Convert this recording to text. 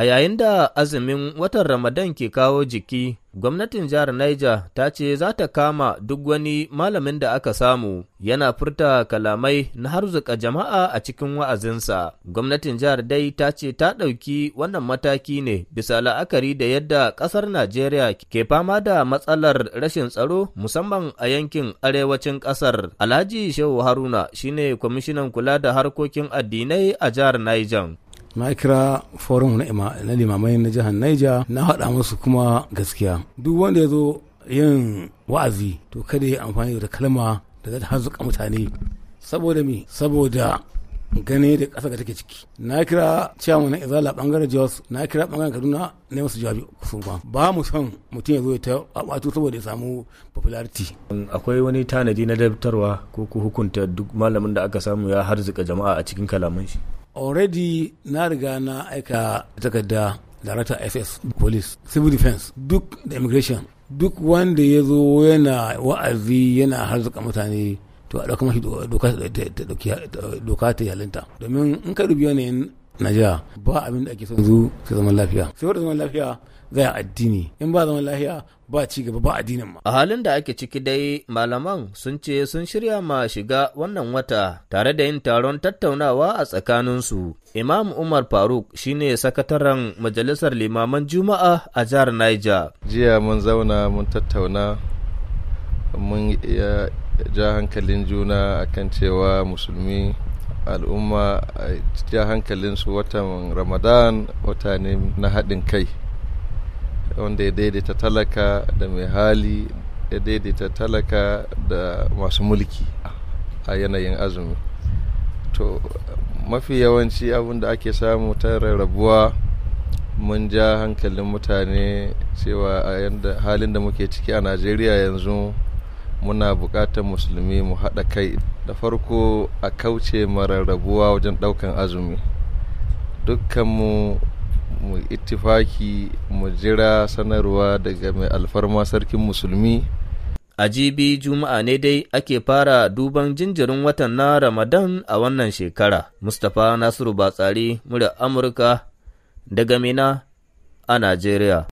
A yayin da azumin watan Ramadan ke kawo jiki, gwamnatin jihar Niger ta ce za ta kama duk wani malamin da aka samu yana furta kalamai na harzuka jama'a a cikin wa'azinsa. Gwamnatin jihar dai ta ce ta ɗauki wannan mataki ne bisa la'akari da yadda ƙasar Najeriya ke fama da matsalar rashin tsaro musamman a yankin arewacin ƙasar. Alhaji Shehu Haruna shine kwamishinan kula da harkokin addinai a jihar Niger. na kira forum na limamai na jihar Niger na haɗa musu kuma gaskiya duk wanda ya zo yin wa'azi to kada ya amfani da kalma da za ta hazuka mutane saboda mi saboda gane da ƙasa da take ciki na kira ciyawa na izala bangaren jos na kira bangaren kaduna ne masu jawabi sun ba ba mu son mutum ya zo ta abatu saboda ya samu popularity akwai wani tanadi na dabtarwa ko ku hukunta duk malamin da aka samu ya harzuka jama'a a cikin kalaman shi already na riga na aika takarda director ss police civil defense duk da immigration duk wanda ya zo yana wa'azi yana harzuka mutane to a ɗauka mashi doka ta yalinta domin in ka rubi yanayin Najeriya ba abin da ake son zu sai zaman lafiya. Sai wadda zaman lafiya za a addini in ba zaman lafiya ba ci gaba ba addinin ma. A halin da ake ciki dai malaman sun ce sun shirya ma shiga wannan wata tare da yin taron tattaunawa a tsakaninsu. Imam Umar Faruk shine sakataren majalisar limaman Juma'a a jihar Niger. Jiya mun zauna mun tattauna mun ja hankalin juna akan cewa musulmi al'umma a ja hankalinsu watan ramadan wata ne na haɗin kai wanda ya daidaita talaka da mai hali ya daidaita talaka da masu mulki a yanayin azumi to mafi yawanci abin da ake samu ta rarrabuwa mun ja hankalin mutane cewa a halin da muke ciki a najeriya yanzu muna buƙatar musulmi mu haɗa kai da farko a kauce mararrabuwa wajen ɗaukan azumi dukkanmu mu itifaki mu jira sanarwa daga mai alfarma sarkin musulmi a jibi juma'a ne dai ake fara duban jinjirin watan na ramadan a wannan shekara mustapha nasiru batsari murya amurka daga mina a najeriya